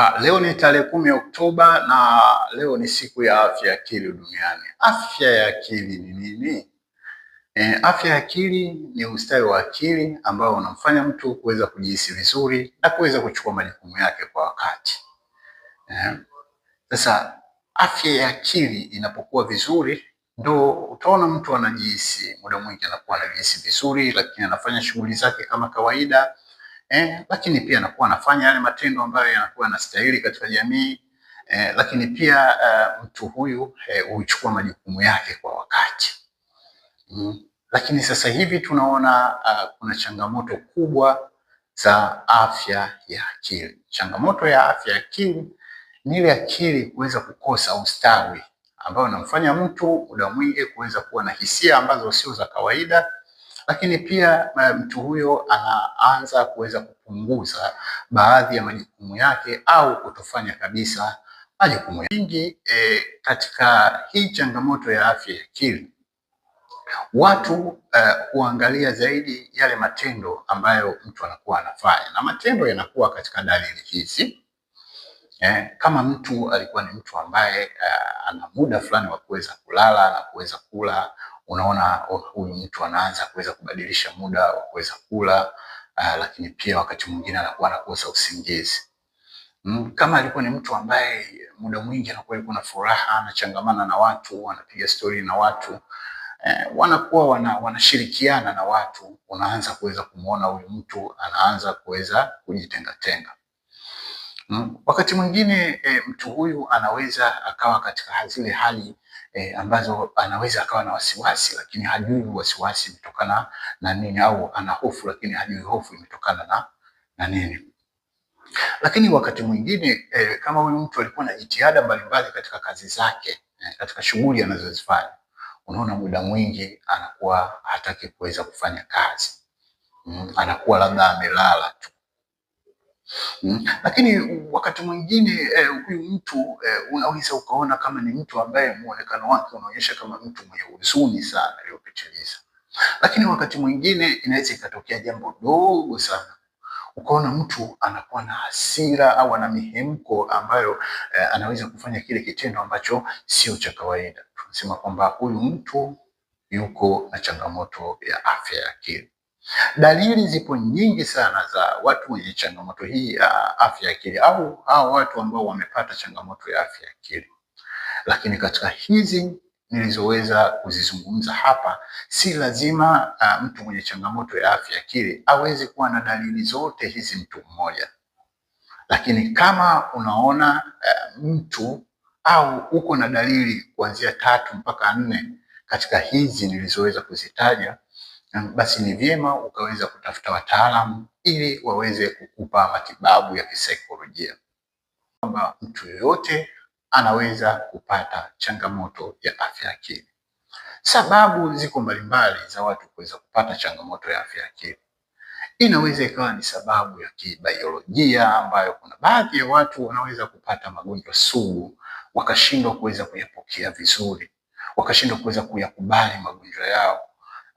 Ah, leo ni tarehe kumi Oktoba na leo ni siku ya afya ya akili duniani. Afya ya akili ni nini? E, afya ya akili ni ustawi wa akili ambao unamfanya mtu kuweza kujihisi vizuri na kuweza kuchukua majukumu yake kwa wakati. Eh, sasa e, afya ya akili inapokuwa vizuri ndo utaona mtu anajihisi muda mwingi anakuwa anajihisi vizuri, lakini anafanya shughuli zake kama kawaida eh, lakini pia anakuwa anafanya yale matendo ambayo yanakuwa yanastahili katika jamii eh, lakini pia uh, mtu huyu huchukua eh, majukumu yake kwa wakati mm. Lakini sasa hivi tunaona uh, kuna changamoto kubwa za afya ya akili. Changamoto ya afya ya akili ni ile akili kuweza kukosa ustawi, ambayo unamfanya mtu muda mwingi kuweza kuwa na hisia ambazo sio za kawaida lakini pia eh, mtu huyo anaanza kuweza kupunguza baadhi ya majukumu yake au kutofanya kabisa majukumu mengi. E, katika hii changamoto ya afya ya akili watu eh, huangalia uh, zaidi yale matendo ambayo mtu anakuwa anafanya na matendo yanakuwa katika dalili hizi. Eh, kama mtu alikuwa ni mtu ambaye uh, ana muda fulani wa kuweza kulala na kuweza kula unaona oh, huyu mtu anaanza kuweza kubadilisha muda wa kuweza kula uh, lakini pia wakati mwingine anakuwa anakosa usingizi. Mm, kama alikuwa ni mtu ambaye muda mwingi anakuwa yuko na furaha, anachangamana na watu, anapiga stori na watu eh, wanakuwa wana, wanashirikiana na watu, unaanza kuweza kumwona huyu mtu anaanza kuweza kujitengatenga. Hmm? Wakati mwingine e, mtu huyu anaweza akawa katika zile hali e, ambazo anaweza akawa na wasiwasi lakini hajui wasiwasi umetokana na nini, au ana hofu lakini hajui hofu imetokana na na nini. Lakini wakati mwingine e, kama huyu mtu alikuwa na jitihada mbalimbali katika kazi zake, e, katika shughuli anazozifanya, unaona muda mwingi anakuwa hataki kuweza kufanya kazi, mm, anakuwa labda amelala tu. Hmm? Lakini wakati mwingine eh, huyu mtu eh, unaweza ukaona kama ni mtu ambaye muonekano wake unaonyesha kama mtu mwenye huzuni sana iliyopitiliza, lakini wakati mwingine inaweza ikatokea jambo dogo sana ukaona mtu anakuwa na hasira au ana mihemko ambayo eh, anaweza kufanya kile kitendo ambacho sio cha kawaida. Tunasema kwamba huyu mtu yuko na changamoto ya afya ya akili. Dalili zipo nyingi sana za watu wenye changamoto hii ya afya ya akili au hao watu ambao wamepata changamoto ya afya ya akili, lakini katika hizi nilizoweza kuzizungumza hapa, si lazima uh, mtu mwenye changamoto ya afya ya akili aweze kuwa na dalili zote hizi mtu mmoja, lakini kama unaona uh, mtu au uko na dalili kuanzia tatu mpaka nne katika hizi nilizoweza kuzitaja basi ni vyema ukaweza kutafuta wataalamu ili waweze kukupa matibabu ya kisaikolojia, kwamba mtu yoyote anaweza kupata changamoto ya afya akili. Sababu ziko mbalimbali za watu kuweza kupata changamoto ya afya akili. Inaweza ikawa ni sababu ya kibaiolojia, ambayo kuna baadhi ya watu wanaweza kupata magonjwa sugu wakashindwa kuweza kuyapokea vizuri, wakashindwa kuweza kuyakubali magonjwa yao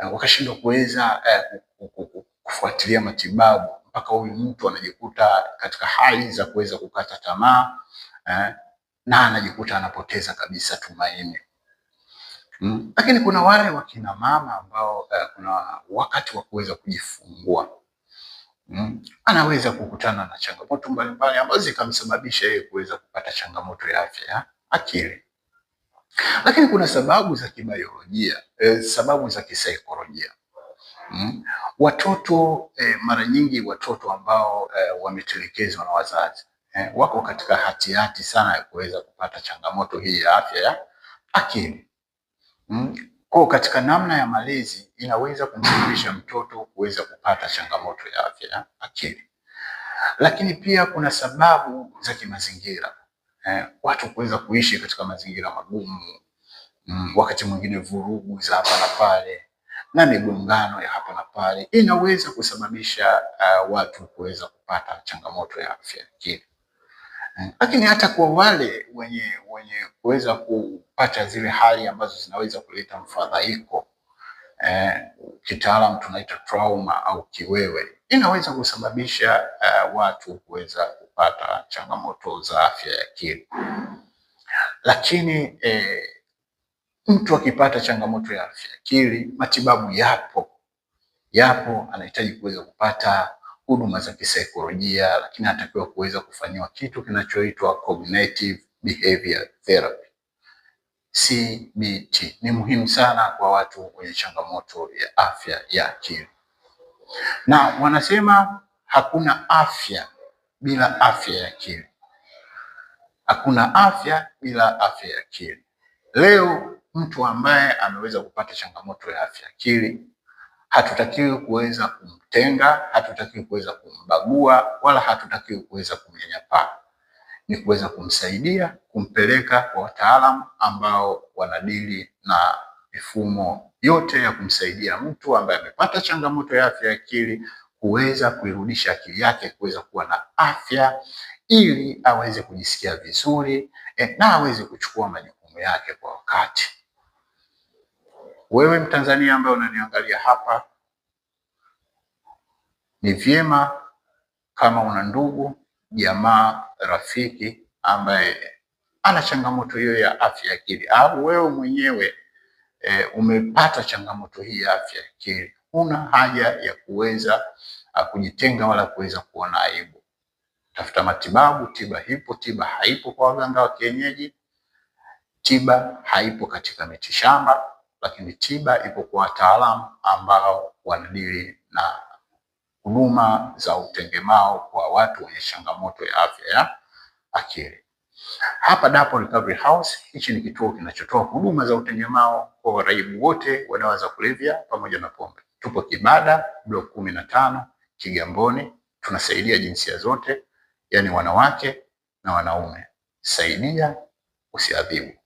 Eh, wakashindwa kuweza eh, kufuatilia matibabu mpaka huyu mtu anajikuta katika hali za kuweza kukata tamaa eh, na anajikuta anapoteza kabisa tumaini. Mm. Lakini kuna wale wakina mama ambao eh, kuna wakati wa kuweza kujifungua mm. Anaweza kukutana na changamoto mbalimbali ambazo zikamsababisha yeye kuweza kupata changamoto ya afya ya akili. Lakini kuna sababu za kibayolojia eh, sababu za kisaikolojia hmm. Watoto eh, mara nyingi watoto ambao eh, wametelekezwa na wazazi eh, wako katika hatihati sana ya kuweza kupata changamoto hii ya afya ya akili hmm. Kwa katika namna ya malezi inaweza kumsababisha mtoto kuweza kupata changamoto ya afya ya akili, lakini pia kuna sababu za kimazingira Eh, watu kuweza kuishi katika mazingira magumu, mm, wakati mwingine vurugu za hapa na pale na migongano ya hapa na pale inaweza kusababisha uh, watu kuweza kupata changamoto ya afya ya eh, Lakini hata kwa wale wenye wenye kuweza kupata zile hali ambazo zinaweza kuleta mfadhaiko eh, kitaalam tunaita trauma au kiwewe, inaweza kusababisha uh, watu kuweza kupata changamoto za afya ya akili. Lakini eh, mtu akipata changamoto ya afya ya akili, matibabu yapo yapo, anahitaji kuweza kupata huduma za kisaikolojia, lakini anatakiwa kuweza kufanyiwa kitu kinachoitwa cognitive behavior therapy CBT. Ni muhimu sana kwa watu wenye changamoto ya afya ya akili, na wanasema hakuna afya bila afya ya akili. Hakuna afya bila afya ya akili. Leo mtu ambaye ameweza kupata changamoto ya afya ya akili, hatutakiwi kuweza kumtenga, hatutakiwi kuweza kumbagua, wala hatutakiwi kuweza kumnyanyapaa. Ni kuweza kumsaidia, kumpeleka kwa wataalamu ambao wanadili na mifumo yote ya kumsaidia mtu ambaye amepata changamoto ya afya ya akili kuweza kuirudisha akili yake kuweza kuwa na afya ili aweze kujisikia vizuri e, na aweze kuchukua majukumu yake kwa wakati. Wewe Mtanzania ambaye unaniangalia hapa, ni vyema kama una ndugu, jamaa, rafiki ambaye ana changamoto hiyo ya afya ya akili au wewe mwenyewe e, umepata changamoto hii ya afya ya akili hakuna haja ya kuweza ah, kujitenga wala kuweza kuona aibu. Tafuta matibabu, tiba hipo tiba haipo kwa waganga wa kienyeji, tiba haipo katika mitishamba, lakini tiba ipo kwa wataalamu ambao wanadili na huduma za utengemao kwa watu wenye changamoto ya afya ya akili. Hapa Dapo Recovery House, hichi ni kituo kinachotoa huduma za utengemao kwa waraibu wote wa dawa za kulevya pamoja na pombe. Tupo Kibada blok kumi na tano Kigamboni, tunasaidia jinsia zote, yani wanawake na wanaume. Saidia, usiadhibu.